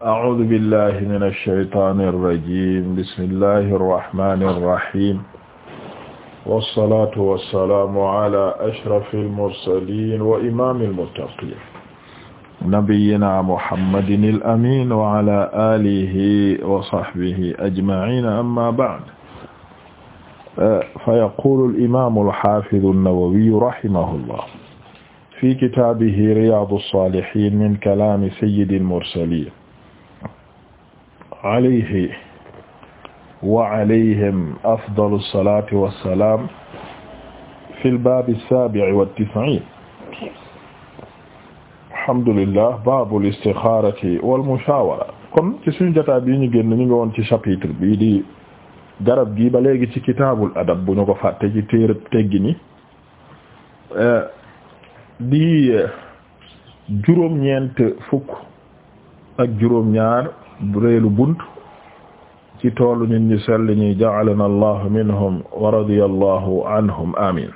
أعوذ بالله من الشيطان الرجيم بسم الله الرحمن الرحيم والصلاة والسلام على أشرف المرسلين وإمام المتقين نبينا محمد الأمين وعلى آله وصحبه أجمعين أما بعد فيقول الإمام الحافظ النووي رحمه الله في كتابه رياض الصالحين من كلام سيد المرسلين alayhi wa alayhim afdalu alsalati wassalam fi lbabi alsabi'i wattis'in alhamdulillah babu listixaarati walmushawara kon ci suñu jotaay bi ñu génn ñu ngi woon ci chapitre bii di garab gi ba léegi ci kitaabul adab bu ñu ko fàtte ci téere teggini di juróom-ñeent fukk ak juróom-ñaar bureelu bunt ci toolu nit ñu sell ñi ja'alana allah minhum wa radiyallahu anhum amin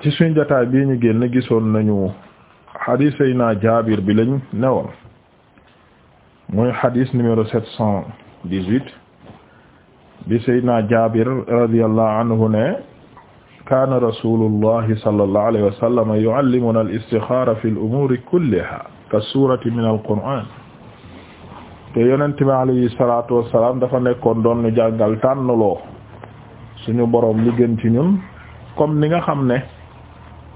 ci suñ jotaay bii ñu génn gisoon nañu xadiis ay naa jaabir bi lañ newal mooy xadiis numéro sept cent dix-huit bi saydna jabir radiyallahu anhu ne kaana rasulullahi sallallahu alayhi wa sallam yu'allimuna al-istixaara fi al-umuuri kullihaa ka suurati min al-qur'aan te yonent bi alayhi salaatu wassalaam dafa nekkoon doon nu jàngal tànnloo suñu boroom li ci ñun comme ni nga xam ne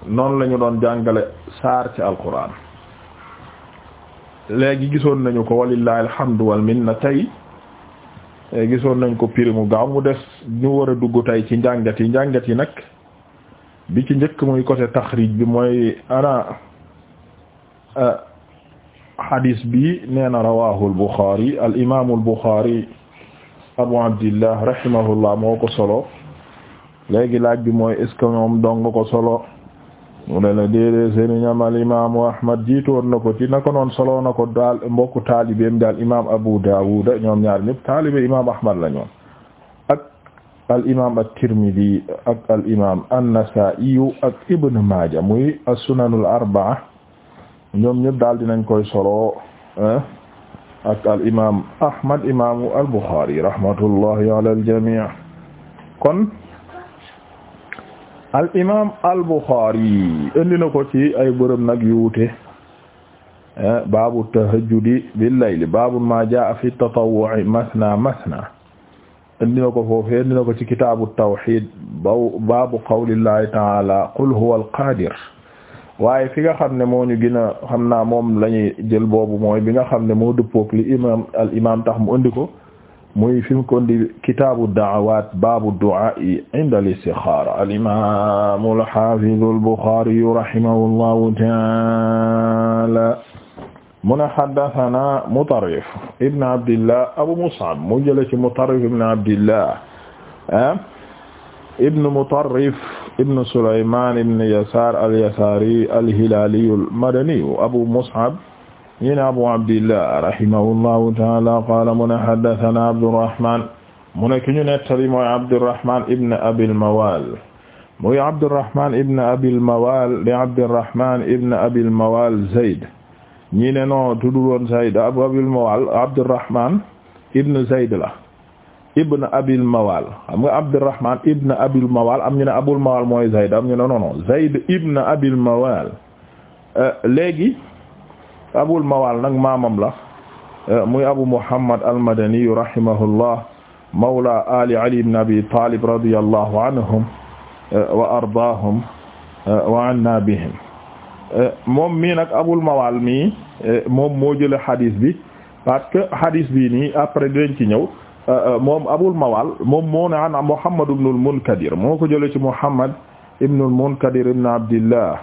noonu lañu doon jàngale saar ci alquran léegi gisoon nañu ko walillahi alhamdu wal na tey eh, gisoon nañ ko piri mu gaaw mu des ñu war a dugg tey ci njàngat yi njàngat yi nag bi ci njëkk muy côté taxrij bi mooy ana eh, xadis bi nee na rawahu albuxaari alimamu albuxaari abou abdillah rahimahullah moo ko solo léegi laaj bi mooy est-ce que ko solo mu ne la déedee sëriñam alimamu ahmad jiitu woon na ko ci naka noon solo na ko daal mbokku taalibeem daal imam abou daawud ñoom ñaar ñëpp taalibe imam ahmad la ak alimam at-tirmidi ak alimam an-nasaa'i ak ibn maaja muy as-sunanul arbaa ñoom ñëpp daal dinañ koy solo ak al imaam Ahmad imaamu al Bukhari rahmatullahi ala al jamii kon al imaam al Bukhari indi na ko ci ay bërëb nag yu wute baabu tahajjudi bil layli baabu ma jaa fi tatawwu'i masna masna indi na ko foofee indi na ko ci kitaabu tawhid baabu qawlillahi ta'ala qul huwa al qaadir waaye fi nga xam ne moo ñu gën a xam naa moom la ñuy jël boobu mooy bi nga xam ne moo dëppook li imam al imam tax mu indi ko muy fi mu ko indi kitaabu da'awaat baabu du'a inda al-istixaara al imam al hafiz al bukhari rahimahullahu ta'ala mun haddathana mutarrif ibn abdillah abu mus'ab mu jële ci mutarrif ibn abdillah ah, ibn mutarrif ibn Sulaymaan ibn Yasaar al-Yasaari al-Hilaali al-Madani Abu Mus'ab ñu ne Abu Abdillah rahimahullahu ta'aala qaala mu ne haddathanaa Abdurrahmaan mu ne ki ñu nettali mooy Abdurrahmaan ibn Abil Mawaal mooy Abdurrahmaan ibn Abil Mawaal di Abdurrahmaan ibn Abil Mawaal Zayd ñi ne noo tudd woon Zayd Abu Abil Mawaal Abdurrahmaan ibn Zayd la ibn abil mawal xam nga abdurrahman ibn abil mawal am ñu ne abul mawal mooy zayd am ñu ne non non zayd ibn abil mawal euh, léegi abul mawal nag maamam la euh, muy abu muhammad almadani rahimahullah mawla ali ali ibn abi talib radiyallahu anhum euh, wa ardaahum wa anna bihim moom mii nag abul mawal mii moom moo jële hadis bi parce que hadis bi nii après dinañ ci ñëw moom Abul Mawal moom moo ne an Muhammad ibn al-Munkadir moo ko jëlee ci Muhammad ibn al-Munkadir ibn Abdillah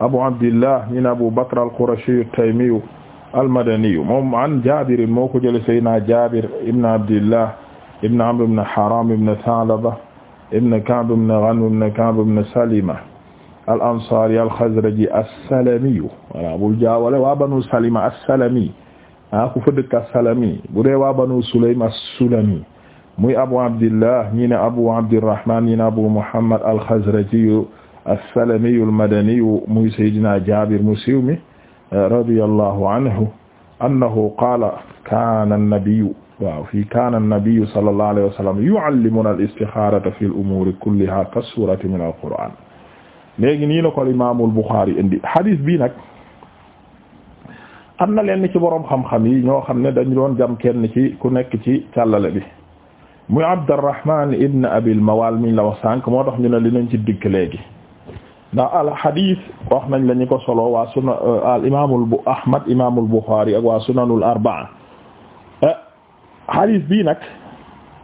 Abu Abdillah min Abu Bakr al-Qurashi at-Taymi al-Madani moom an Jaabir moo ko jëlee Seydina Jaabir ibn Abdillah ibn Amr ibn Haram ibn Tha'laba ibn Ka'b ibn Ghanm ibn Ka'b ibn Salima al-Ansari al-Khazraji as-Salami voilà bul jaawale waa Banu Salima as-Salami ah ku fa dëkk as-Salami bu dee waa Banu Sulaym as-Sulami muy Abu Abdillah ñi ne Abu Abdirrahman ñi ne Abu Muhammad al-Khazraji as-Salami al-Madani muy Seydina Jaabir mu siiw mi eh, radiyallahu anhu annahu qaala kaana an-nabiyyu waaw fii kaana an-nabiyyu sallallahu alayhi wa sallam yu'allimuna al-istixaarata fi al-umuuri kullihaa ka-suurati mina al-Qur'aan léegi nii la ko Imaamul Buxaari indi hadiis bi nag am na lenn ci boroom xam-xam yi ñoo xam ne dañu doon jam kenn ci ku nekk ci càllale bi muy Abdurrahman ibn Abil Mawal mi la wax sànq moo tax ñu ne li nañ ci dikk léegi ndax al hadith wax nañ la ñu ko solo waa sunan euh, al imaamul bu Ahmad imaamul Bukhari ak waa sunanul arbaa eh, hadith bii nag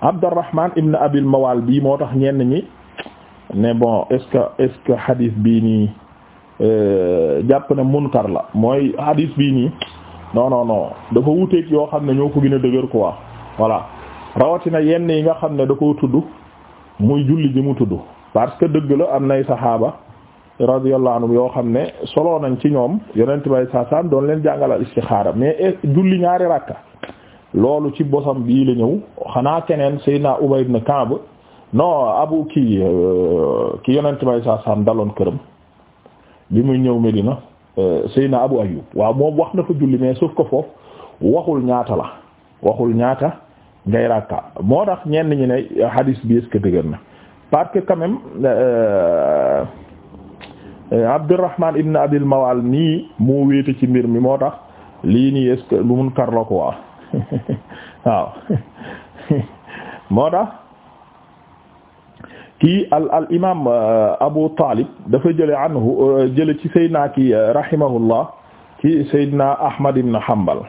Abdurrahman ibn Abil Mawal bii moo tax ñenn ñi ne bon est-ce que est-ce que hadith bii nii. Euh, jàpp ne munkar la mooy hadis bii nii non non non dafa wuteeg yoo xam ne ñoo ko gën a dëgër quoi voilà rawatina yenn yi nga xam ne da tudd muy julli bi mu tudd parce que dëgg la am nay saxaaba radiyallahu anhum yoo xam ne soloo nañ ci ñoom yonent bay saasaam doon leen jàngalal istixaara mais eh, julli ñaari rakka loolu ci bosam bii la ñëw xanaa keneen naa Ubay na Ka'b non abu kii euh, ki yonent bay saasaam daloon këram bi muy ñëw Medina euh, Seyna Abu Ayyub waaw moom wax na fa julli mais sauf ko foofu waxul ñaata la waxul ñaata ngay rakka moo tax ñenn ñi ne hadis bi est dëgër na parce que quand même euh, euh, ibn Abil Mawal nii moo wéete ci mbir mi moo tax lii nii est lu mun kar la ko waaw waaw moo tax kii al al imaam euh, Abu Talib dafa jëlee anhu euh, jële ci Seydina kii euh, rahimahullah ci Seydina Ahmad ibn Hanbal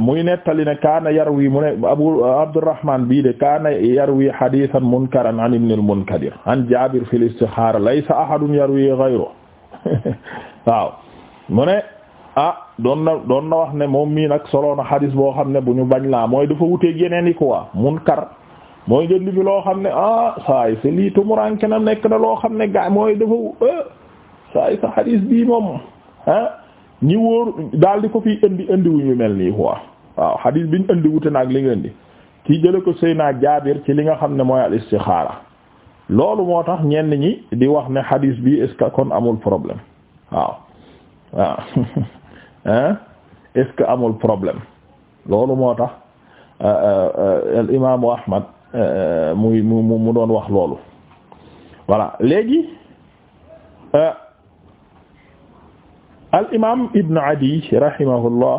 muy nettali ne kaana yarwi mu ne Abu Abdurrahman bii de kaana yarwi hadiisan munkaran an ibn al-Munkadir an Jaabir fil istixaara laysa ahadun yarwi ghayruhu waaw mu ne ah doon na doon na wax ne moom mii nag solo na hadis boo xam ne bu ñu bañ laa mooy dafa wuteeg yeneen yi quoi munkar mooy jënd fi loo xam ne ah saa yi lii tumuranke na nekk na loo xam ne gaa mooy dafa eh, saa yi sa xadiis bii moom ah, ñi wóor daal di ko fi indi indi wu ñu mel nii quoi waaw xadiis biñ indi wute naag li nga indi kii jële ko Seyna Jaabir ci li nga xam ne mooy al istixaara loolu moo tax ñenn ñi di wax ne xadiis bi est-ce kon amul problème waaw waaw hein est-ce que amul problème loolu moo tax euh, euh, euh, al imaamu Ahmad Euh, muy mu mu doon wax loolu voilà léegi euh, al imaam Ibn Adi rahimahullah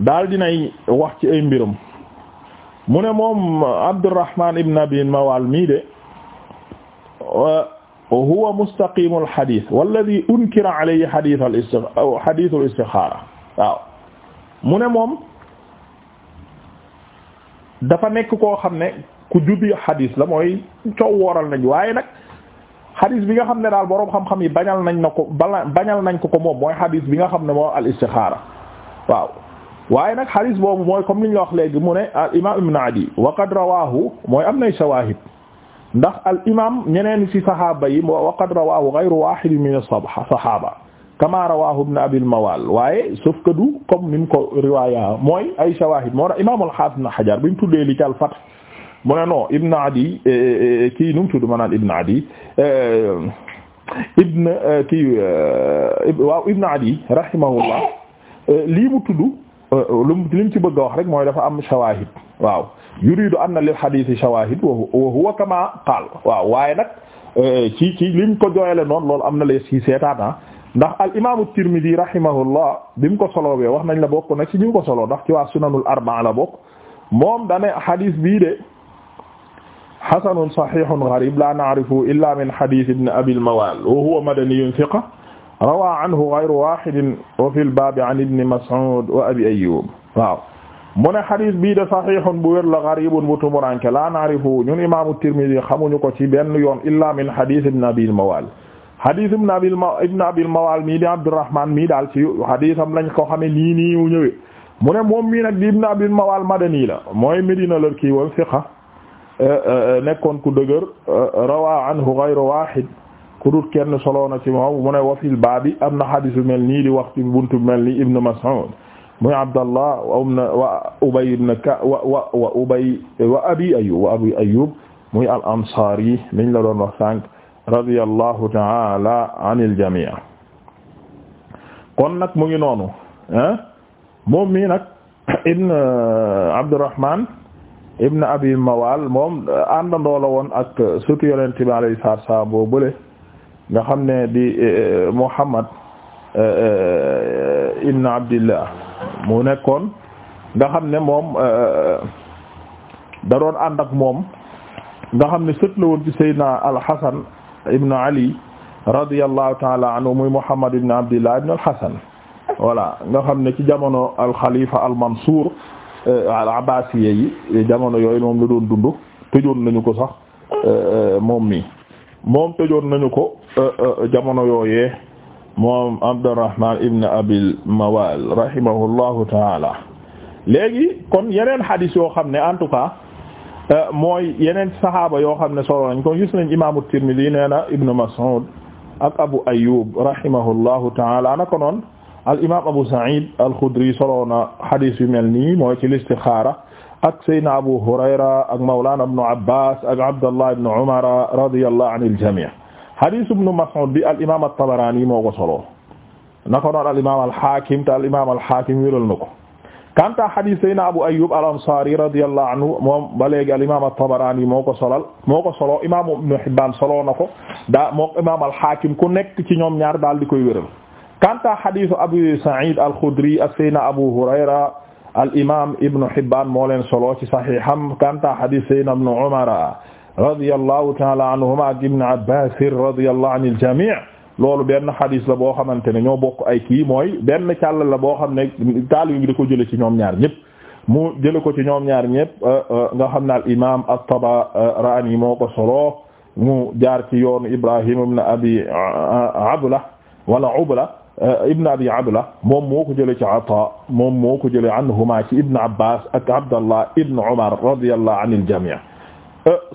daal dinay wax ci ay mbiram mu ne moom Abdurrahman Ibn Abi Mawal mii de huwa mustaqimul xadis walladi unkira alayhi xadis al isti xadis al istixaara waaw mu ne moom. dafa nekk koo xam ne ku jubi xadis la mooy coow wooral nañ waaye nag xadis bi nga xam ne daal boroom xam-xam yi bañal nañ na ko bala bañal nañ ko ko moom mooy xadis bi nga xam ne moo al istixaara waaw waaye nag xadis boobu mooy comme li ñu la wax léegi mu ne al imam ibn adi wa qad rawahu mooy am nay shawahid ndax al imam ñeneen ci sahaaba yi wa qad rawahu ghayru wahid min as-sahaba kama rawahu ibn abil mawal waaye sauf que comme ni mu ko riwaaya mooy ay shawahid moo tax imaam al-hafiz ibn hajar bi mu tuddee li ci al-fath mu ne non ibn adi eh, eh, eh, kii nu mu tudd ma naan ibn adi ibn kii waaw ibn lii mu tudd lum li mu ci bëgg a wax rek mooy dafa am shawahid waaw yuridu anna lil hadithi shawahid wa huwa kama qaal waaw waaye nag ci ci liñ ko jooyale noonu loolu am na les ci seetaat ah. ndax al imaamu Tirmidi rahimahullah bi mu ko solowee wax nañ la bokk nag ci ñu ko solo ndax ci waa sunanul arbaa la bokk moom dane xadis bii de xasanun saxiixun gariib laa naarifu illaa min xadiis ibn abil mawaal wa huwa madaniyun siqa rawaa anhu gayru waaxidin wa fil baabi an ibni Mas'uud wa abi Ayyuub waaw mu ne xadis bii de saxiixun bu wér la gariibun bu tumuranke laa naarifu ñun imaamu Tirmidi xamuñu ko ci benn yoon illaa min xadiis ibn abil mawaal hadith ibn abil ma ibn abil mawal mii di abdurrahman mii daal ci haditham lañ ko xame nii nii wu ñëwee mu ne moom mii nag di ibn abil mawal madani la mooy medina la kii woon fiqa e, e, e, nekkoon ku dëgër rawa anhu ghayru wahid ku dul kenn solo na ci moom mu ne wa fil baabi am na hadith bu mel nii di wax ci buntu mel ni ibn mas'ud muy abdallah wa ubay ibn ka wa wa wa ubay wa abi ayyub wa abi ayyub muy al ansari niñ la doon wax sànq radiyallahu ta'ala anil jamii kon nag mu ngi noonu moom mii nag ibn uh, Abdurrahman ibn Abi Mawal moom uh, àndandoo la woon ak uh, surtout yonent bi alayhi salaatu salaam boo bële nga xam ne di Muhammad ibn Abdillah mu nekkoon nga xam ne moom da doon ànd ak moom nga xam ne sët la woon ci Seydina Al-Hasan ibn ali radiyallahu taala anhu muy muhammad ibn abdillah ibn al-hasan voilà nga xam ne ci jamono al-khalifa al-mansur euh, al-abbasiyya yi jamono yooyu moom la doon dund nañu ko sax euh, moom mi moom tëjoon nañu ko euh, jamono yooyee moom abdurrahman ibn abil mawal rahimahullahu taala léegi kon yeneen hadith yoo xam ne en tout Euh, mooy yeneen saxaaba yoo xam ne solo nañ ko gis nañ imaamu Tirmidhi nee na Ibn Mas'ud ak Abu Ayyub rahimahullahu ta'ala naka noonu al imaam Abu Sa'id al-Khudri solo na xadiis yu mel nii mooy ci listixaara ak Seydina Abu Hurayra ak Mawlana Ibn Abbas ak Abdallah Ibn Umar radiyallahu anil jamii' xadiis Ibn Mas'ud bi al imaam at-Tabarani moo ko solo naka noonu al imaam al-Hakim te al imaam al-Hakim wéral na ko. kanta hadith sayna Abu Ayyub al-Ansari radiyallahu anhu moom ba léegi al-imam at-Tabarani moo ko solal moo ko solo imam Ibn Hibban solo na ko daa moo imam al-Hakim ku nekk ci ñoom ñaar daal di koy wéral kanta hadith Abu Sa'id al-Khudri ak sayna Abu Hurayra al-imam Ibn Hibban moo leen solo ci sahiham kanta hadith sayna Ibn Umar radiyallahu ta'ala anhuma ak Ibn Abbas radiyallahu anil jami' loolu benn xadis la boo xamante ne ñoo bokk ay kii mooy benn càll la boo xam ne taalibe bi da ko jële ci ñoom ñaar ñëpp mu jële ko ci ñoom ñaar ñëpp euh, euh, nga xam ne al imam at-Tabarani moo ko solo mu jaar ci yoonu Ibrahim ibn abi euh, abla wala ubla ibn abi abla moom moo ko jële ci ata moom moo ko jële anhuma ci ibn abbas ak abdallah ibn umar radiyallahu anil jami'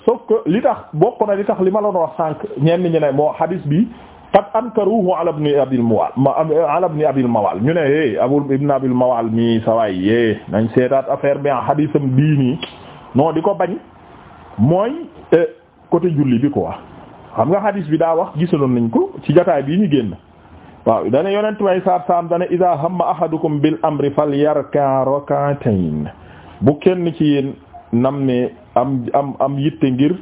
sauf que li tax bokk na li tax li ma la doon wax sànq ñenn ñi ne moo xadis bi qad ankaruhu ala ibn abil mawal ala ibn abil mawal ñu ne é eh, abul ibn abil mawal mi sawaay yé eh, nañ seetaat affaire bi hadisam bii nii non di ko bañ mooy eh, côté julli bi quoi xam nga hadis bi daa wax gisaloon nañ ko ci jotaay bii ñu génn waaw dana yonent way saat saam dana ida hamma ahadukum bil amri falyarka rak'atayn bu kenn ci yéen nam ne am am am yitte ngir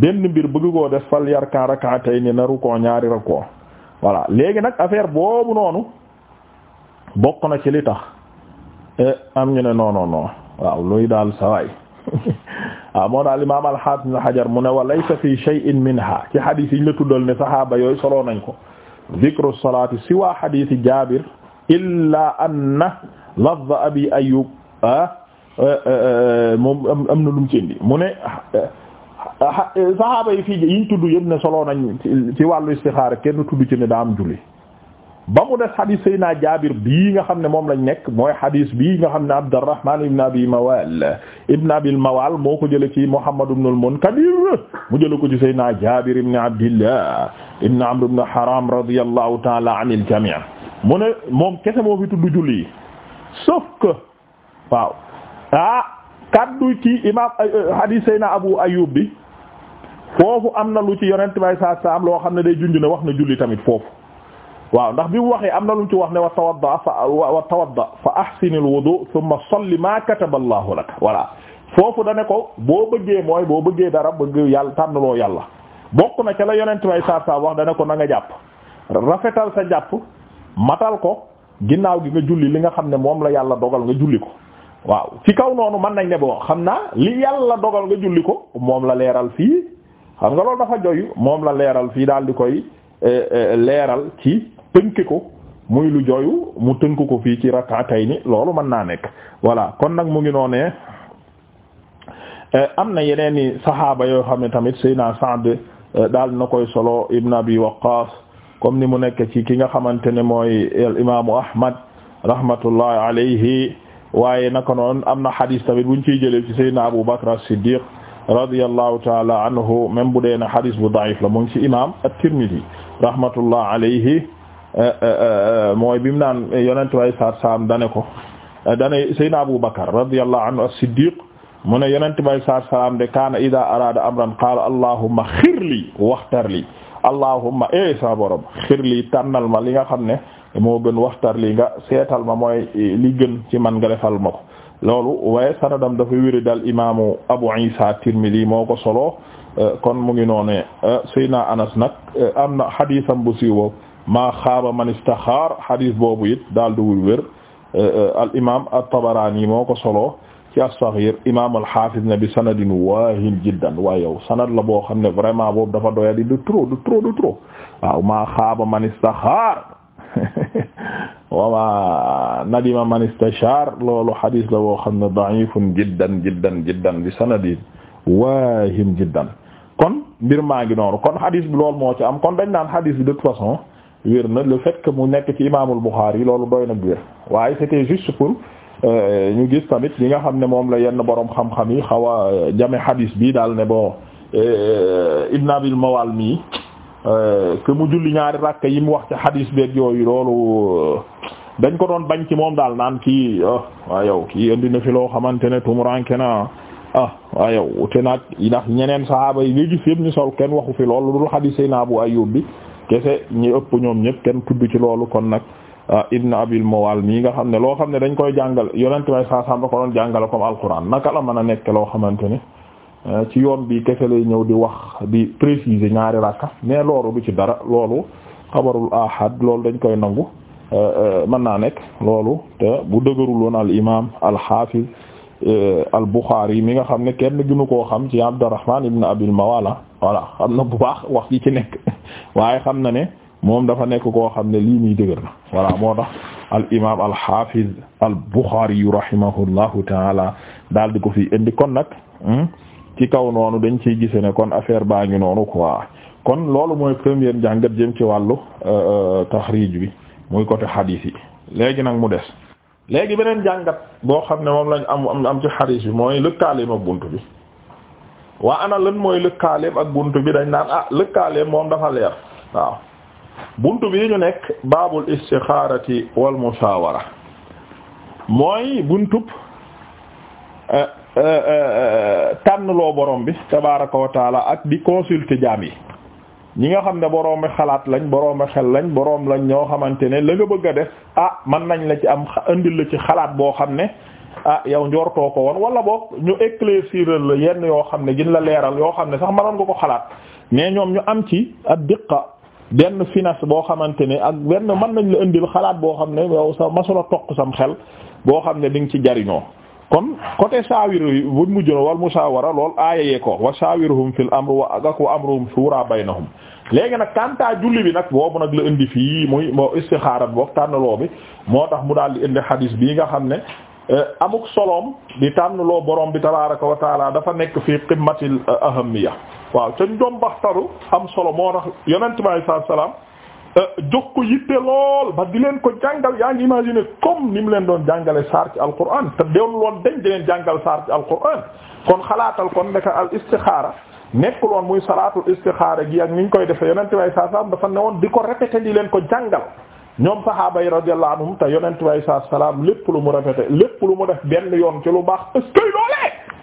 benn mbir bëgg koo def fal yarkan rak'atayn na rukkoo ñaari rukkoo voilà léegi nag affaire boobu noonu bokk na ci li tax eh, am ñu ne non non non waaw daal sawaay waaw ah, moo daal imaam al-Hafiz Ibn Hajar mu ne wa laysa fi shay'in minha ci hadith yi ñu la tuddal ne saxaaba yooyu soloo nañ ko dhikru salaati siwa hadith illa anna lafz Abi Ayyub ah eh, eh, am na lu mu mu ne Eh, saxaaba yi fii tudd yëpp ne solo nañ ci wàllu istixaara kenn tudd ci ne daa am julli ba mu des xadiis naa Jaabir bi nga xam ne moom lañ nekk mooy xadiis bii nga xam ne Abdurrahman ibn Abi Mawal ibn Abil Mawal moo ko jële ci Muhammad ibn al-Munkadir mu jële ko ci naa Jaabir ibn Abdillah ibn Amr ibn Haram radiyallahu ta'ala anil jami' moom kese moo fi tudd julli sauf que waaw ah eh, eh, Abu Ayyub bi foofu am na lu ci yonent bay saa saa loo xam ne day junj ne wax na julli tamit foofu waaw ndax bi mu waxee am na lu ci wax ne wa tawadda fa wa tawadda fa ahsinil wudu thumma salli ma kataba Allahu lak voilà foofu da ne ko boo bëggee mooy boo bëggee dara bëgg yàlla tànnaloo yàlla bokk na ca la yonent bay saa saa wax da ne ko na nga jàpp rafetal sa jàpp matal ko ginnaaw gi nga julli li nga xam ne moom la yàlla dogal nga julli ko waaw ci kaw noonu mën nañ ne boo xam naa li yàlla nga julli ko moom la leeral fii. xam nga loolu dafa joy moom la leeral fii daal di koy eh, eh, leeral ci tënk ko muy lu joy mu tënk ko fii ci ni loolu mën naa nekk voilà kon nag mu ngi noonee eh, am na yeneen i saxaaba yoo xam ne tamit Seydina sand daal na koy solo Ibn Abi Waqqas comme ni mu nekk ci ki nga xamante ne mooy al imaamu Ahmad rahmatullahi alayhi waaye naka noon am na xadiis tamit buñ ciy jëlee ci Seydina Abu Bakr as-Siddiq radiyallahu taala anhu même bu dee ne hadis bu da'if la mu ngi ci imaam at-Tirmidhi rahmatullah alayhi eh, eh, eh, mooy bi mu naan yonent way saat saam dane ko dane Seydina Abu Bakar radiyallahu anhu as-Siddiq mu ne yonent bay de kaana ida araada amran qaala allahumma xirli waxtar li allahumma e sa borom xirli tànnal ma li nga xam ne moo gën waxtar li nga seetal ma mooy li gën ci man nga defal ma loolu waaye sanadam dafa wéri dal imaamu Abu Isa Tirmidi moo ko solo euh, kon mu ngi noonee euh, Seydina Anas nag euh, am na xadisam bu siiwoo maa xaaba man istaxaar xadis boobu it daal di wul wér al imaam at-Tabarani moo ko solo ci as-Saxiir imaam al-Xaafiz ne bi sanadin waahin jiddan waaye yow sanad la boo xam ne vraiment boobu dafa doyadi de trop de trop de trop waaw maa xaaba man istaxaar wama nadima man istashar loolu xadis la woo xam ne da'ifun jiddan jiddan jiddan bi sanadin waahim jiddan kon mbir maa ngi noonu kon xadis bi loolu moo ci am kon dañ naan xadis bi de toute façon wér na le fait que mu nekk ci imaamul Buxaari loolu doy na wér waaye c'était juste pour euh, ñu gis tamit li nga xam ne moom la yenn borom xam-xam yi xaw a euh, jame xadis bi daal ne bo euh, in Abil Mawal Euh, que mu julli ñaari rakka yi mu wax ci hadis beeg yooyu loolu euh, dañ ko doon bañ ci moom daal naan kii ah waa yow kii indi na fi loo xamante ne tumuranke na ah waa yow wute naag ndax ñeneen sahaaba yi nga gis yëpp ñu sol kenn waxu fi loolu dul hadis Seydina Abu Ayyub bi kese ñi ëpp ñoom ñëpp kenn tudd ci loolu kon nag ah, Ibn Abil Mawal mii nga xam ne loo xam ne dañ koy jàngal yonent may saa samba ko doon jàngale comme alquran naka la mën a nekk loo xamante ne Euh, ci yoon bi kese lay ñëw di wax di préciser ñaari rakka mais loolu du ci dara loolu xabarul ahad loolu dañ koy nangu euh, euh, mën naa nekk loolu te bu dëgërul woon al imaam al hafiz al Bukhari mi nga xam ne kenn gënu koo xam ci Abdurrahman ibn Abil Mawala voilà xam na bu wax yi ci nekk waaye xam na ne moom dafa nekk koo xam ne lii muy dëgër voilà moo tax al imaam al hafiz al Bukhari rahimahullahu taala daal di ko fi indi kon nag. Hmm, ci kaw noonu dañ ciy gise ne kon affaire baa ngi noonu ko quoi kon loolu mooy première njàngat jëm ci wàllu euh, euh, taxriij bi muy côté xadiis yi léegi nag mu des léegi beneen jàngat boo xam ne moom lañu am am ci xadiis bi mooy lëkkaaleem ak bunt bi waa ana lan mooy lëkkaaleem ak bunt bi dañ naan ah lëkkaaleem moom dafa leer waaw bunt bi ñu nekk baabul istixaarati wal musaawara mooy buntub euh, Euh, euh, euh, tànn loo borom bi tabaaraka wa ak di consulter jaam yi ñi nga xam ne borom xalaat lañ borom xel lañ borom lañ ñoo xamante ne la nga bëgg a def ah man nañ la ci am indil la ci xalaat boo xam ne ah yow njortoo ko woon wala boog ñu éclaircir la yenn yoo xam ne jën la leeral yoo xam ne sax mënoon nga ko xalaat mais ñoom ñu am ci ak diqa benn finance boo xamante ne ak benn mën nañ la indil xalaat boo xam ne yow sa masula toq sam xel boo xam ne di nga ci jariñoo kon côté saawiru yi buñ mu jëno wal musaawara lool aayayee ko wa saawiruhum fil amr wa ak wa amruhum shura baynahum léegi nag kantaa julli bi nag boobu nag la indi fii muy moo istixaara bi boog tànnloo bi moo tax mu daal di indi xadiis bii nga xam ne eh, amuk solom di tànnloo borom bi tabaaraka wa dafa nekk fii qimmatil eh, ahammiya waaw ca njombaxtaru am solo moo tax yonent bi sallallahu alayhi Euh, jox ko yitte lool ba di leen ko jàngal yaa ngi imaginer comme ni mu leen doon jàngale saar ci alquran te doon loon dañ di leen jàngal saar ci alquran kon xalaatal kon nekk al istixaara nekkul loon muy salaatu istixaara gi ak ni ñu koy defee yonent way saa salaam dafa ne woon di ko répété di leen ko jàngal ñoom sahaaba yi radiyallahu anhum te yonent way saa salaam lépp lu mu répété lépp lu mu def benn yoon ci lu baax est-ce que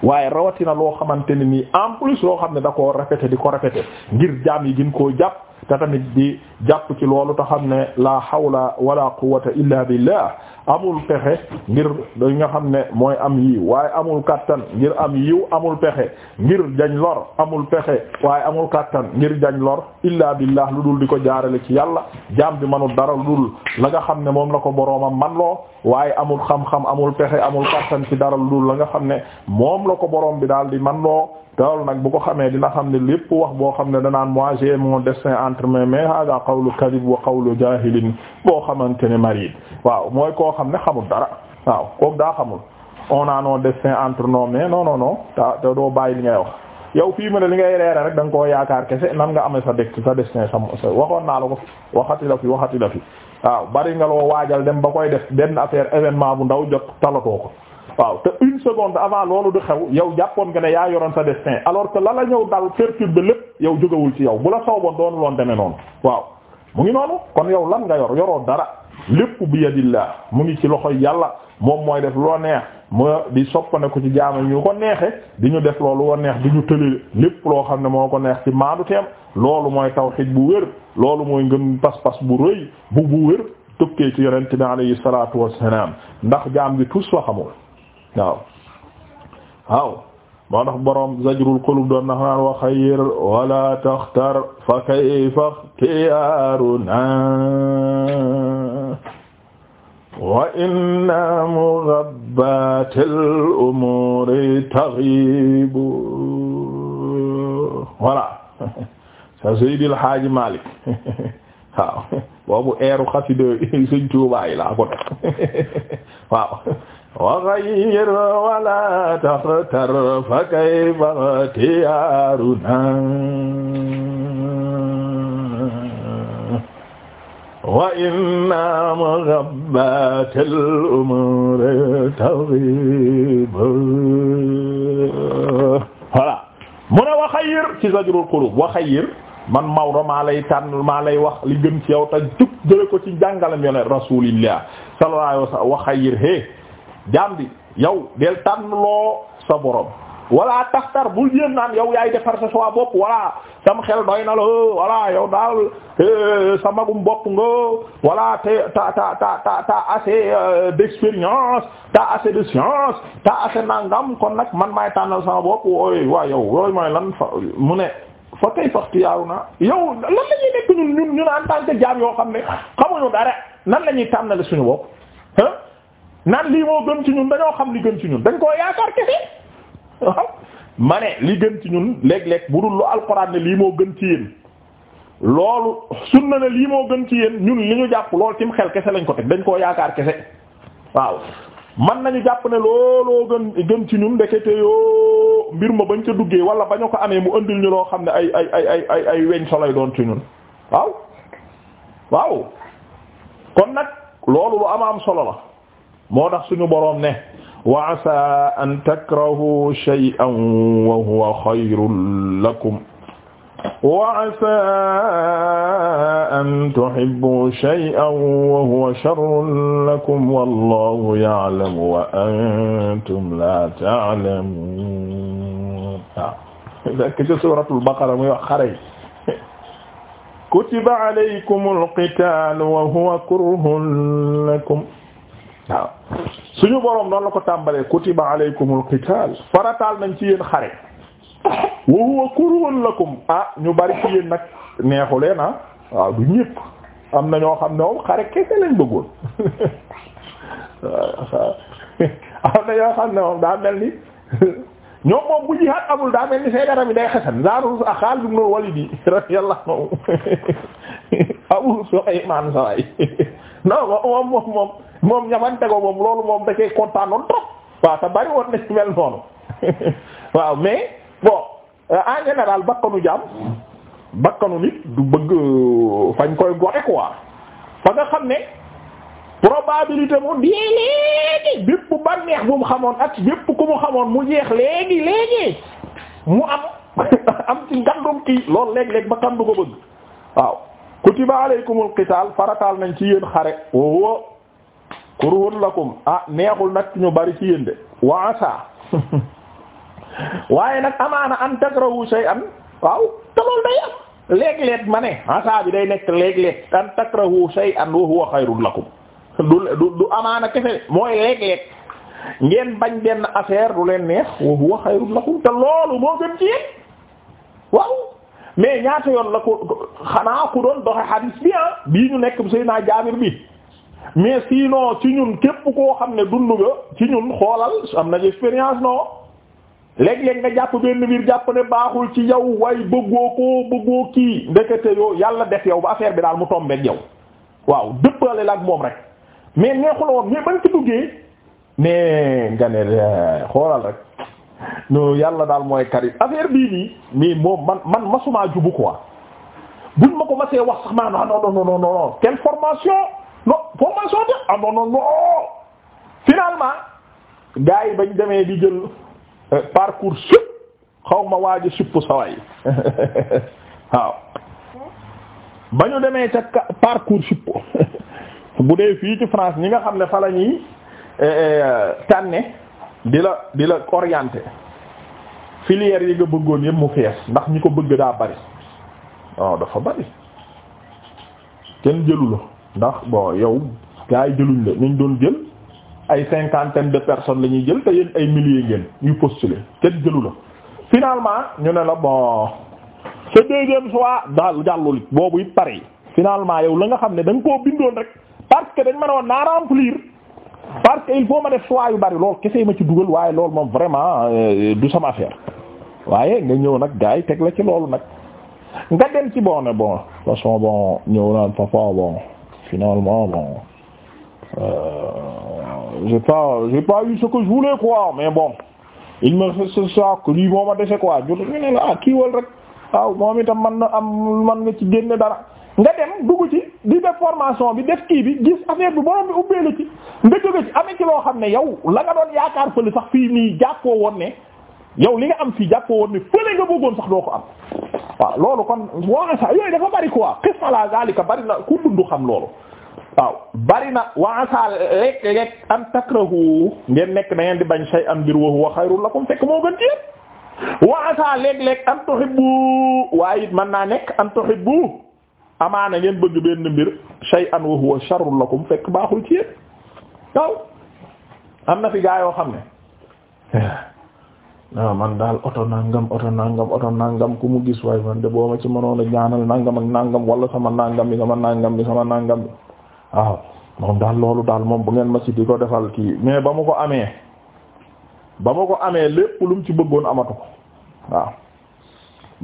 waaye rawatina loo xamante ne nii en loo xam ne da koo répété di ko répété ngir jaam yi gën koo jàpp te tamit di jàpp ci loolu te xam ne la hawla wala quwwata illa billah amul pexe ngir li nga xam ne mooy am yi waaye amul kattan ngir am yiw amul pexe ngir jañ lor amul pexe waaye amul kattan ngir jañ lor illa billah lu dul di ko jaarale ci yàlla jaam bi manul dara lu dul la nga xam ne moom la ko boroom am man loo waaye amul xam-xam amul pexe amul kattan ci dara lu dul la nga xam ne moom la ko boroom bi daal di man loo tool nag bu ko xamee dina xam ne lépp wax boo xam ne danaan moi j'ai mon destin entre mes mains hada qawlu kadib wa qawlu jahilin boo xamante ne marid waaw mooy koo xam ne xamul dara waaw kooku daa xamul on a nos destins entre no mais no non non ta te doo bàyyi li ngay wax yow fii mu ne li ngay reere rek da nga koo yaakaar kese nan nga amee sa dëkk sa destin sa sa waxoon naa la ko waxati la fi waxati la fi waaw bari nga loo waajal dem ba koy def benn affaire événement bu ndaw jot talatoo ko waaw te une seconde avant loolu di xew yow jàppoon nga ne yaa yoroon sa destin alors que la la ñëw dal perturbé lépp yow jógawul ci yow bu la sooboon doonu loon demee noonu waaw mu ngi noonu kon yow lan nga yor yoroon dara lépp bi yadillah mu ngi ci loxo yàlla moom mooy def loo neex moo di soppane ko ci jaama ñu ko neexe di ñu def loolu wa neex di ñu tëlële lépp loo xam ne moo ko neex ci maadu teem loolu mooy tawhid bu wër loolu mooy ngëm pas-pas bu rëy bu bu wér tukkee ci yonent bi alayhi salaatu wassalaam ndax jaam bi tous la xamul waaw waaw moo tax borom zajrul qulub doon na xanaan wa xayr wala taxtar fa kayfa ixtiyaaruna wa inna mughabbatil umuri taghibu voilà sa Seydil Haaji Malik waaw boobu eeru xasida Sëriñ Tuubaa yi laa ko def waaw wa xayir wala taxtar fa kayfa tiyaaruna wa inna maghabbatil umri taghib voilà mu ne wa xayir ci zajrul qulub wa xayir man Maodo maa lay tànn maa lay wax li ci yow te jub jële ko ci jàngalam yoneen rasulillah sallallahu alayhi wa sallam wa xayir hee jaam bi yow del tànn loo sa borom wala taxtar bul yéen naan yow yaay defar sa choix bopp wala sam xel doy na la wala yow daal sa magum bopp nga wala ta ta ta ta ta assez euh, ta assez de science ta assez nangam kon nag man maay tànnal sama bopp ooy waa yow yooyu lan mu ne fa kayfa ikhtiyaruna yow lan la ñuy nekk ñun ñun ñun en tant que jaam yoo xam ne xamuñu dara nan la ñuy tànnale suñu bopp ah naan lii moo gën ci ñun dañoo xam li gën ci ñun dañ koo yaakaar kese waaw ma li gën ci ñun léeg-léeg bu dul lu alxuraan ne lii moo gën ci yéen loolu sunna ne lii moo gën ci yéen ñun li ñu jàpp loolu ci mu xel kese lañ ko teg dañ koo yaakaar kese waaw man nañu jàpp ne looloo gën gën ci ñun ndekete yoo mbir ma bañ ca duggee wala bañu ko amee mu ëndil ñu loo xam ne ay ay ay ay ay weñ solay doon ci ñun waaw kon nag loolu lu ama am solo la moo tax suñu boroom ne wa asa an takrahu shay'an wa huwa xayrun lakum wa asaa an tuhibbu shay'an wa huwa sharrun lakum wallahu ya'lamu wa antum la ta'lamun waaw fekk ci suuratul baqara muy wax xare yi kutiba alaykumul qitaalu wa huwa kurhun lakum waaw suñu boroom noonu la ko tàmbalee kutiba alaykumul qitaal farataal nañ ci yéen xare wa huwa kurhun lakum ah ñu bari ci yéen nag neexuleen ah waaw du ñépp am na ñoo xam ne moom xare kese lañ bëggoon am na ñoo xam ne moom daa mel ni ñoom moom bu jihaad amul daa mel ni seen yaram yi day xasan zaarul a Xaalid ibn Walid radiyallahu anhu Abu Sulaymaan saway non moom moom moom moom ñamantegoo moom loolu moom da cee kontaanoon trop waaw te bari woon nañ mel noonu waaw mais bon Euh, en général bakkanu jaam bakkanu nit du bëgg euh, fañ koy goxe quoi fa nga xam ne probabilité mu dee léegi bépp bànneex bu mu xamoon ak bépp ku mu xamoon mu jeex léegi léegi mu am am ci ngandum kii loolu léeg-léeg bakkan du ko bëgg waaw kutiba alaykumul qital farataal nañ ci yéen xare woo la ko ah neexul nag ñu bari ci yéen de wa asa waaye nag amaana an takrahu shay'an waaw te loolu day am léeg ma ne asa ah, bi day nekk léeg-léeg an takrahu shay'an wa huwa xayrun lakum du du amaana kese mooy léeg-léeg ngeen bañ benn affaire du leen neex wa huwa xayrun lakum te loolu moo gën ci yéen waaw mais ñaata yoon la ko xanaa ku doon doxe hadis bi ah bii ñu nekk Seydina Jaabir bi mais sinon ci ñun képp koo xam ne dund nga ci ñun xoolal am nañ expérience non. léeg-léeg nga jàpp benn mbir jàpp ne baaxul ci yow way bëggoo koo bëggoo kii ndekete yoo yàlla def yow ba affaire bi daal mu tombe ak yow waaw dëppale la ak moom rek mais neexu woon mais ba nga ci duggee mais nga ne eh, xoolal rek no yàlla daal mooy karim affaire bii nii mais moom man masumaa jubu quoi buñ ma ko masee wax sax maa non non non non non quelle formation non formation de ah non yi bañ demee di jël. parcours sup xaw ma waaj a suppu saway waaw ba ñu demee ca parcours sup bu dee fii ci France ñi nga xam ne fa la eh, eh, tànne di la di la orienté filière yi nga bëggoon yëpp mu fees ndax ñi ko bëgg daa bari waaw dafa bari kenn jëlu ndax bon yow gaa jëluñ la ñu doon jël. ay cinquantaine de personne la ñuy jël te yéen ay milliers ngeen ñu postuler kenn jëlu la finalement ñu ne la bon ce deuxième choix daal jàllul it boobu it pare finalement yow la nga xam ne da nga koo bindoon rek parce que dañ ma ne woon naa remplir parce que il faut ma def choix yu bari lool kese ma ci dugal waaye loolu moom vraiment euh, du sama affaire waaye nga ñëw nag gars yi teg la ci loolu nag nga dem ci bon ne bon façon bon ñëw naan papa bon finalement bon. Euh, j'ai pas j'ai pas eu mais bon il me ce soit que lii moo ma dese quoi jot ñu ne la ah kiiwal rek waaw ah, moom itam man na am man nga ci génne dara nga dem dugg ci li def formation bi def kii bi gis affaire bi borom bi ubbee ci nga jóge ci amee ci loo xam ne yow la nga doon yaakaar fële sax fii nii jàppoo woon ne yow li nga am fii jàppoo woon ne fële nga bëggoon sax doo ko am waaw loolu kon waa sax yooyu dafa bari quoi qisma la zalika bari na ku dund xam loolu waaw bari na wa asa lekk lekk an takrahu ngeen nekk da ngeen di bañ shay'an mbir wa huwa xayrun lakum fekk moo gën ci yéen wa asa léeg-léeg an tuhibbu waaye it mën naa nekk an tuhibbu amaana ngeen bëgg benn mbir shay'an wa huwa sharrun lakum fekk baaxul ci yéen waaw am na fi gaa yoo xam ne eh, non man daal oto nangam oto nangam oto nangam ku mu gis waaye man de boo ma ci mënoon a ñaanal nangam ak nangam wala sama nangam sama nangam bi sama nangam bi waaw moom daal loolu daal moom bu ngeen ma ci di ko defal kii mais ba ma ko amee ba ma ko amee lépp lu mu ci bëggoon amatu ko waaw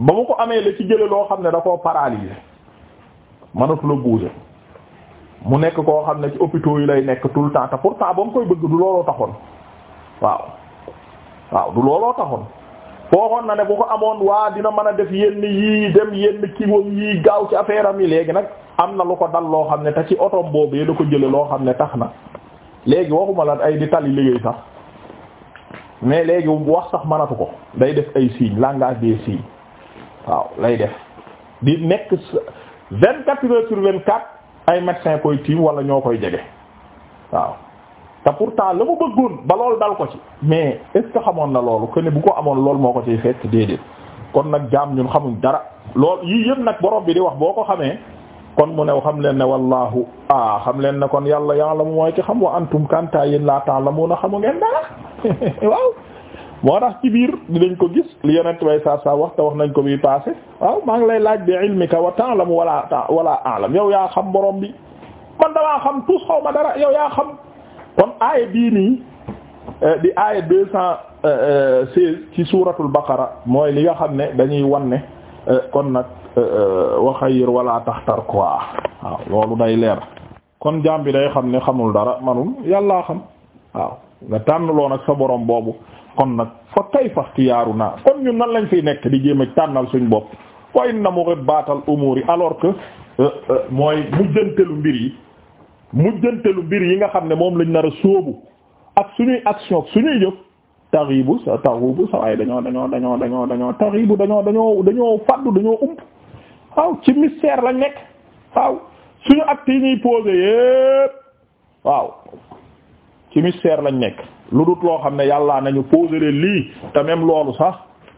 ba mu ko amee la ci jële loo xam ne da koo paralysé mënatu la bouger mu nekk koo xam ne ci hôpitaux yi lay nekk tout le temps te pourtant ba mu koy bëgg du looloo taxoon waaw waaw du looloo taxoon fooxoon na ne bu ko amoon waa dina mën a def yenn yii dem yenn kiiwam yii gaaw ci affaire am yi léegi nag am na lu ko dal loo xam ne te ci otom boobee la ko jële loo xam ne tax na léegi waxuma la ay di tali liggéey sax mais léegi wax sax mënatu ko day def ay signes langage des signes waaw lay def di nekk vingt-quatre heures sur vingt-quatre ay médecins koy tiim wala ñoo koy jege waaw te pourtant la mu bëggoon ba loolu dal ko ci mais est xamoon na loolu que ne bu ko amoon loolu moo ko ciy fekk déedéet kon nag jaam ñun xamuñ dara loolu yii yëpp nag borom bi di wax boo ko xamee kon mu ne xam leen ne wallahu ah xam leen ne kon yàlla yàlla mu mooy ci xam wa antum kanta yéen laa ta'lamuna xamu ngeen dara waaw moo tax ci biir dinañ ko gis li yonent bay saa saa wax te wax nañ ko bi passé waaw maa ngi lay laaj bi ilmika wa ta'lamu wala wala a'lam yow yaa xam borom bi man damaa xam xaw ma dara yow yaa xam kon aaya bii nii eh, di aaya deux cent eh, eh, ci suuratul baqara mooy li nga xam ne dañuy wan kon nag waxayir wala taxtar quoi waaw loolu day leer kon jaam bi day xam ne xamul dara manul yàllaa xam waaw nga tànnaloo nag sa borom boobu kon nag fa kayfa ixtiyaaru naa kon ñun nan lañ fiy nekk di jéem a tànnal suñ bopp wa inna mughibbatal umuuri alors que mooy mujjantelu mbir yi mujjantelu mbir yi nga xam ne moom lañ nar a sóobu ak suñuy action ak suñuy jëf taribu sa taribu sa waaye dañoo dañoo dañoo dañoo dañoo taribu dañoo dañoo dañoo faddu dañoo ump waaw ci mystère lañ nekk waaw suñu actes yi ñuy posé yépp waaw ci mystère lañ nekk lu dut loo xam ne yàllaa nañu posé leen lii te même loolu sax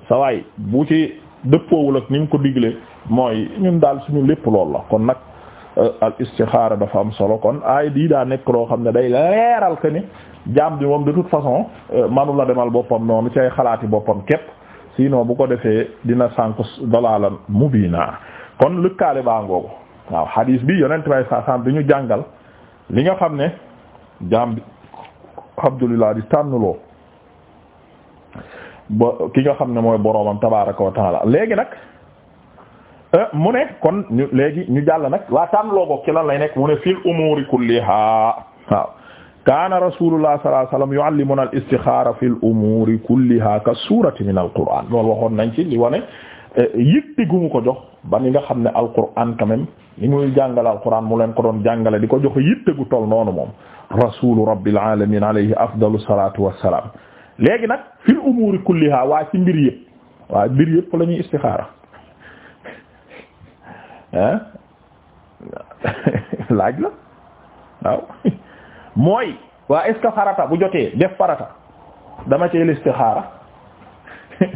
sa waay bu ci dëppoowul ak ni mu ko digle mooy ñun daal suñu lépp loolu la kon nag Euh, al istixaara dafa am solo kon ay dii daa nekk loo xam ne day leeral que ni jaam bi moom de toute façon euh, manu la demal boppam noonu ci ay xalaati boppam képp siino bu ko defee dina mu bii naa kon lëkkaale baa ngoogu waaw hadis bi yonent may saasan bi ñu jàngal li nga xam ne jaam bi Abdullah di tànnuloo ba ki nga xam ne mooy boroomam tabaaraka wa taala léegi nag Euh, mu ne kon ñu léegi ñu jàll nag waa tànn loogoog ci lan lay nekk mu ne fil umuri kulliha waaw kaana rasulullah sallallahu alayhi wasallam yuallimuna al istixaara fil umuri kulliha ka surati min al waxoon nañ ci li wane euh, yitti gu mu ko jox ba ni nga xam ne al qur'an quand même ni muy jàngale al qur'an mu leen ko doon jàngale di ko jox yitte gu toll noonu moom rasulu rabbil alamin alayhi afdalu salatu wassalam léegi nag fil umuri kulliha waa ci mbir yëpp waa mbir yëpp la istixaara laaj la waaw mooy waa est farata bu jotee def farata dama ci listixaara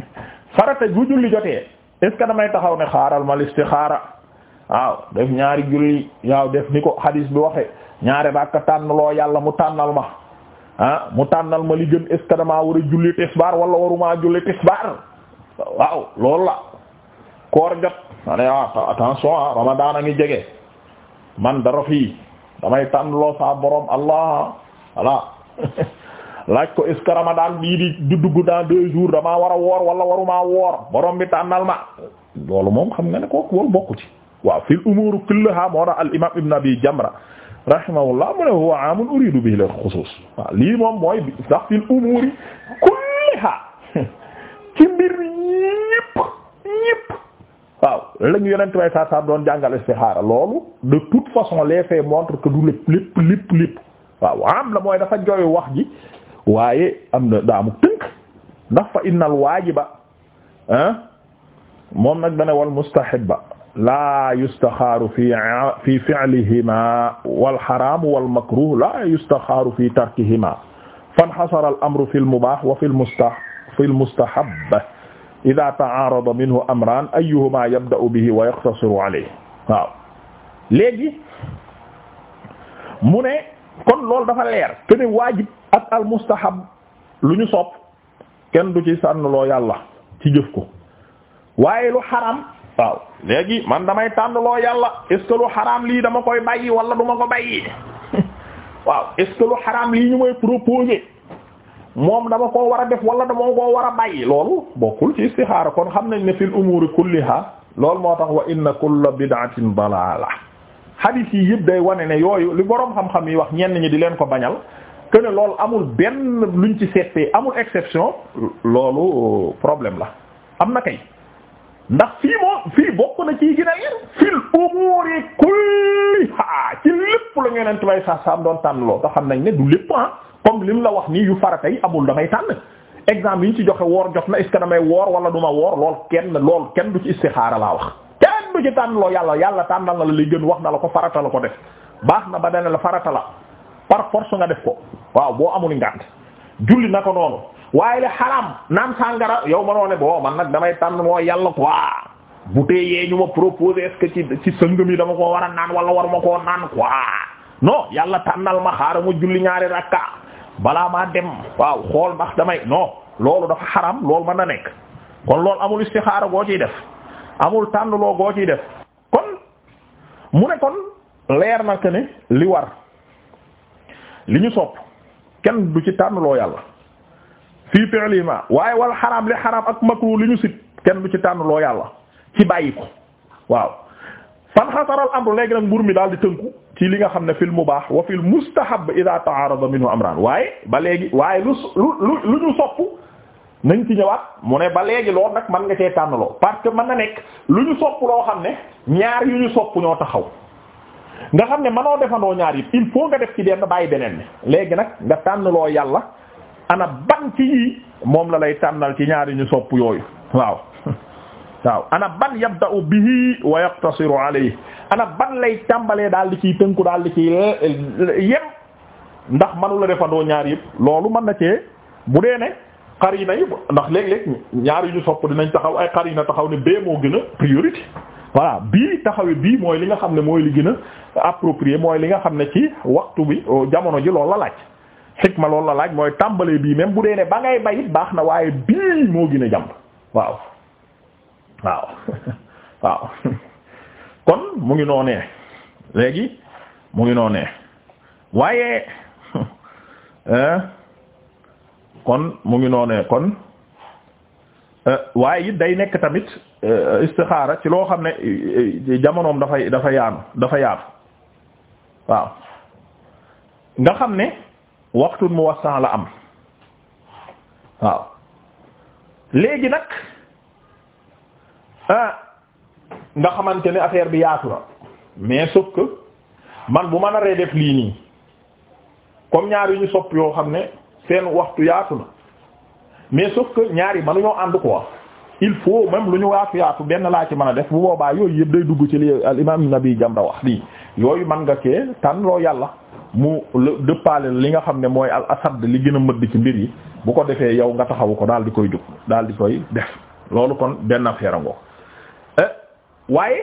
farata bu julli jotee est-ce damay taxaw ne xaaral ma listixaara waaw def ñaari julli waaw def ni ko hadis bi waxe ñaari rakka tànnaloo yàlla mu tànnal ma ah mu tànnal ma li gën est-ce war a julli tisbaar wala waruma julli tisbaar waaw loolu la koor jot ma ne ah attention ah ramadan a ngi jege man dara fi damay tànn loo saa borom allah voilà laaj ko est-ce que bii di du dugg dans deux jours damaa war a woor wala waruma woor borom bi tànnal ma loolu moom xam nga ko waru bokku ci waaw fil umur kullaha moo tax al imam ibn abi huwa amun uridu bihi al xusuus lii moom mooy ndax fil umuri kulliha ci mbir ñépp ñépp waaw lañu yonent bay saa saa doon jàngal istixaara loolu de toute façon les faits montrent que du lépp lépp lépp lépp waaw am la mooy dafa jooy wax ji waaye am na daamu tënk ndax fa innal waajiba ah moom nag dane wal mustaxiba laa yustaxaaru fi fi fi'lihima wal xaraam wal makruh laa yustaxaaru fi tarkihima fanxasara al amru fi al mubaax fi al ida ta'arada minhu amran ayyuhuma yabda'u bihi wa yaqtasiru alayhi mu ne kon loolu dafa leer kene waajib ak al mustahab lu ñu sopp kenn du ci sànnloo yàlla ci jëf ko waaye lu xaram waaw man damay tànnloo yàlla est ce xaram lii dama koy bàyyi wala du ma ko bàyyi waaw est ce xaram lii ñu may moom dama koo war a def wala dama koo war a bàyyi loolu bokkul ci istixaara kon xam nañ ne fil umuri kulliha loolu moo tax wa inna kulla bid'atin la hadith yi yëpp day wane ne yooyu li boroom xam-xam yi wax ñenn ñi di leen ko bañal que loolu amul benn luñ ci seetee amul exception loolu problème la am na kay ndax fii moom fii bokk na ci gën a leer fil umuri kulliha ci lépp la ñu yonent bay sax saam doon tànn lool te xam nañ ne du lépp ah. comme lim la wax nii yu faratay amul damay tànn exemple yi ñu ci joxe woor jot na est-ce damay woor wala duma woor lool kenn lool kenn du ci istixaara laa wax kenn du ci tànn loo yàlla yàlla tànnal na la li gën wax na la ko farata la ko def baax na ba dana la farata la par force nga def ko waaw boo amul ngànt julli na ko noonu waaye le xaraam naan sàngara yow mënoo ne boo man nag damay tànn moo yàlla quoi bu teeyee ñu ma proposé est-ce que ci ci war naan wala war ma koo naan quoi non yàlla tànnal ma xaaral ma julli ñaari rakka balaa maa dem waaw xool ndax damay non loolu dafa xaram loolu mën na nekk kon loolu amul istixaara goo ciy def amul tànn loo goo ciy def kon mu ne kon leer na que li war li ñu sopp kenn du ci tànn loo yàlla fii fi'li waaye wal xaraam li xaraam ak makru li ñu sit kenn du ci tànn loo yàlla ci bàyyi ko waaw fan xasaral amru léegi nag mbur mi daal di tënku ci li nga xam ne fil mubaax wa fil mustahab idha ta'arada minhu amran waaye ba léegi waaye lu lu lu ñu sopp nañ ci ñëwaat mu ne ba léegi loolu nag man nga cee tànnaloo parce que man na nekk lu ñu sopp loo xam ne ñaar yu ñu sopp ñoo taxaw nga xam ne mënoo defandoo ñaar yi il faut nga def ci benn bàyyi beneen bi léegi nag nga tànnaloo yàlla ana ban ci yii moom la lay tànnal ci ñaar yu ñu sopp yooyu waaw waaw ana ban yabda'u bihi wa yaqtasiru yi ana ban lay tàmbalee daal di ciy tënku daal di ciy yem ndax manu la defandoo ñaar yëpp loolu mën na cee bu dee ne xarina yi ndax léeg-léeg ñaar yu ñu sopp dinañ taxaw ay xarina taxaw ne bee moo gën a priorité voilà bii taxawe bii mooy li nga xam ne mooy li gën a mooy li nga xam ne ci waxtu bi oh, jamono ji loolu la laaj xikma loolu la laaj mooy tàmbalee bii même bu dee ne ba ngay bayit baax na waaye bii moo gën a jàmb waaw waaw kon mu ngi noonee léegi mu ngi noonee waaye eh, kon mu ngi noonee kon eh, waaye it day nekk tamit eh, istixaara ci loo xam ne jamonoom dafay dafa yaanu dafa yaatu waaw nga xam ne waxtu mu wassan la am waaw léegi nag ah nga xamante ne affaire bi yaatu na mais sauf que man bu ma naree def lii nii comme ñaar yu ñu sopp yoo xam ne seen waxtu yaatu na mais sauf que ñaar yi mënuñoo ànd quoi il faut même lu ñu yaatu yaatu benn laa ci mën a def bu boobaa yooyu yëpp day dugg ci li al imam Nabi Jamra wax lii yooyu man nga kee tànn loo yàlla mu dëppaale li nga xam ne mooy al asad li gën a mëdd ci mbir yi bu ko defee yow nga taxawu ko daal di koy jug daal di koy def loolu kon benn affaire ngoo waaye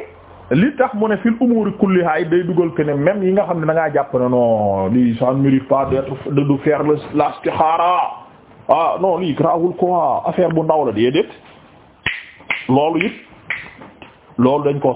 li tax mu ne fil umuri kulliha yi day dugal que ne même yi nga xam ne da ngaa jàpp ne non lii ça ne mérite pas d'être de faire le l'istikhara ah non lii grawul quoi affaire bu ndaw la déedéet loolu it loolu dañ ko